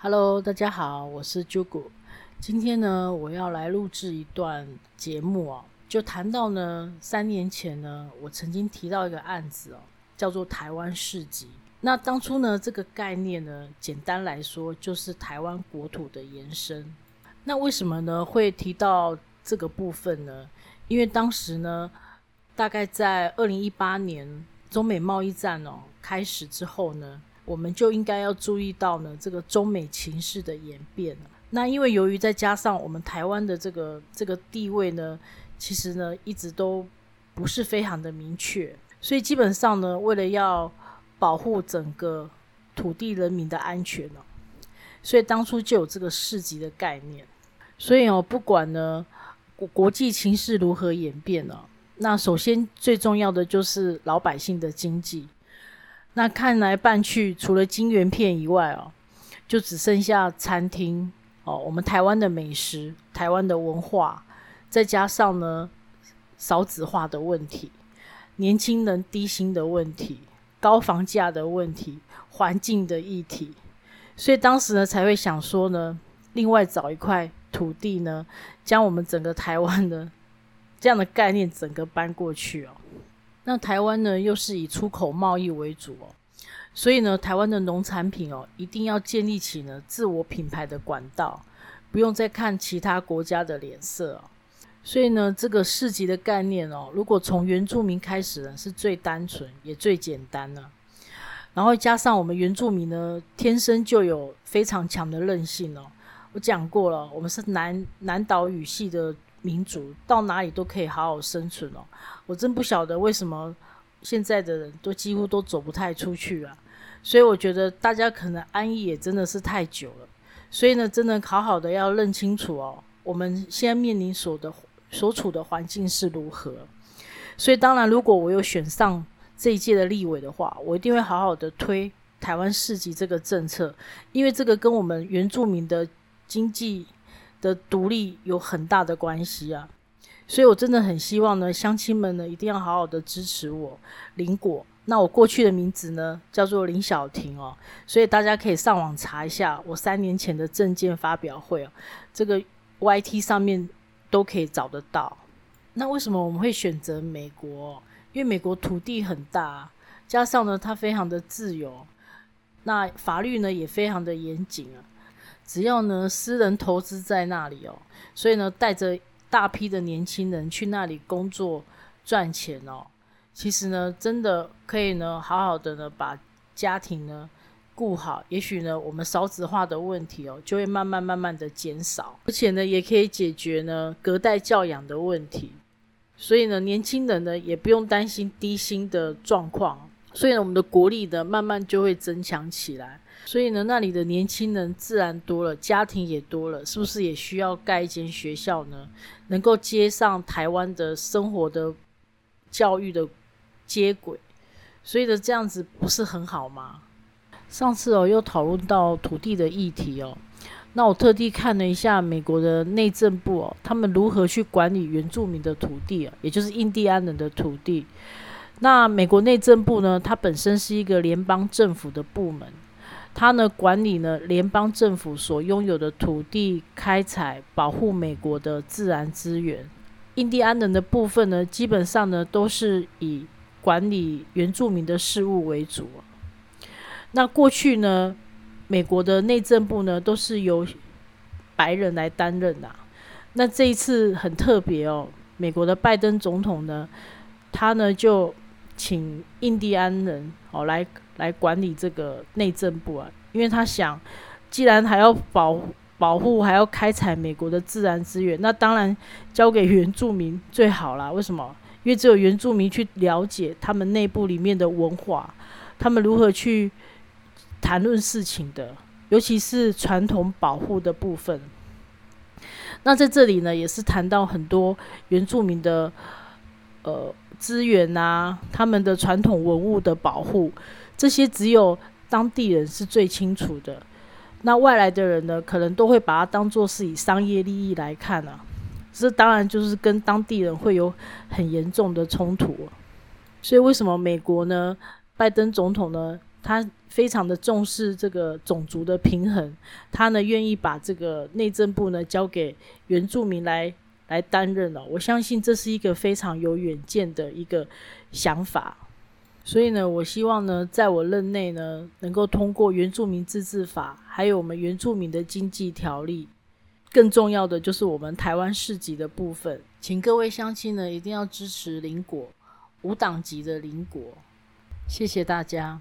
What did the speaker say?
Hello，大家好，我是 Jugo。今天呢，我要來錄製一段節目哦，就談到呢，三年前呢，我曾經提到一個案子哦，叫做台灣市集。那當初呢，這個概念呢，簡單來說就是台灣國土的延伸。那為什麼呢，會提到這個部分呢？因為當時呢，大概在二零一八年中美貿易戰哦開始之後呢。我們就應該要注意到呢，這個中美情勢的演變。那因為由於再加上我們台灣的這個這個地位呢，其實呢一直都不是非常的明確，所以基本上呢，為了要保護整個土地人民的安全呢、啊，所以當初就有這個市集的概念。所以哦，不管呢國國際情勢如何演變呢、啊，那首先最重要的就是老百姓的經濟。那看來辦去，除了晶圓片以外哦、喔，就只剩下餐廳哦、喔，我們台灣的美食、台灣的文化，再加上呢少子化的問題、年輕人低薪的問題、高房價的問題、環境的議題，所以當時呢才會想說呢，另外找一塊土地呢，將我們整個台灣的這樣的概念整個搬過去哦、喔。那台灣呢，又是以出口貿易為主哦，所以呢，台灣的農產品哦，一定要建立起呢自我品牌的管道，不用再看其他國家的臉色哦。所以呢，這個市集的概念哦，如果從原住民開始呢，是最單純也最簡單的啊。然後加上我們原住民呢，天生就有非常強的韌性哦。我講過了，我們是南南島語系的。民族到哪裡都可以好好生存哦，我真不曉得為什麼現在的人都幾乎都走不太出去啊。所以我覺得大家可能安逸也真的是太久了。所以呢，真的好好的要認清楚哦，我們現在面臨所的所處的環境是如何。所以當然，如果我有選上這一屆的立委的話，我一定會好好的推台灣市集這個政策，因為這個跟我們原住民的經濟。的獨立有很大的關係啊，所以我真的很希望呢，鄉親們呢一定要好好的支持我林果。那我過去的名字呢叫做林小婷哦，所以大家可以上網查一下我三年前的政見發表會哦，這個 YT 上面都可以找得到。那為什麼我們會選擇美國？因為美國土地很大，加上呢它非常的自由，那法律呢也非常的嚴謹啊。只要呢，私人投資在那裡哦，所以呢，帶着大批的年輕人去那裡工作賺錢哦，其實呢，真的可以呢，好好的呢，把家庭呢顧好，也許呢，我們少子化的問題哦，就會慢慢慢慢的減少，而且呢，也可以解決呢隔代教養的問題，所以呢，年輕人呢也不用擔心低薪的狀況。所以我們的國力呢，慢慢就會增強起來。所以呢，那裡的年輕人自然多了，家庭也多了，是不是也需要蓋一間學校呢？能夠接上台灣的生活的教育的接軌，所以呢，這樣子不是很好嗎？上次哦，又討論到土地的議題哦，那我特地看了一下美國的內政部哦，他們如何去管理原住民的土地啊、哦，也就是印第安人的土地。那美國內政部呢，它本身是一個聯邦政府的部門，它呢管理呢聯邦政府所擁有的土地開採、保護美國的自然資源。印第安人的部分呢，基本上呢都是以管理原住民的事務為主啊。那過去呢，美國的內政部呢都是由白人來擔任的啊。那這一次很特別哦，美國的拜登總統呢，他呢就。請印第安人哦來來管理這個內政部啊，因為他想，既然還要保保護，還要開採美國的自然資源，那當然交給原住民最好啦。為什麼？因為只有原住民去了解他們內部裡面的文化，他們如何去談論事情的，尤其是傳統保護的部分。那在這裡呢，也是談到很多原住民的呃。資源啊，他們的傳統文物的保護，這些只有當地人是最清楚的。那外來的人呢，可能都會把它當做是以商業利益來看啊。這當然就是跟當地人會有很嚴重的衝突啊。所以為什麼美國呢？拜登總統呢，他非常的重視這個種族的平衡，他呢願意把這個內政部呢交給原住民來。來擔任了、哦，我相信這是一個非常有遠見的一個想法。所以呢，我希望呢，在我任內呢，能夠通過原住民自治法，還有我們原住民的經濟條例，更重要的就是我們台灣市集的部分。請各位鄉親呢，一定要支持林國，無黨籍的林國。謝謝大家。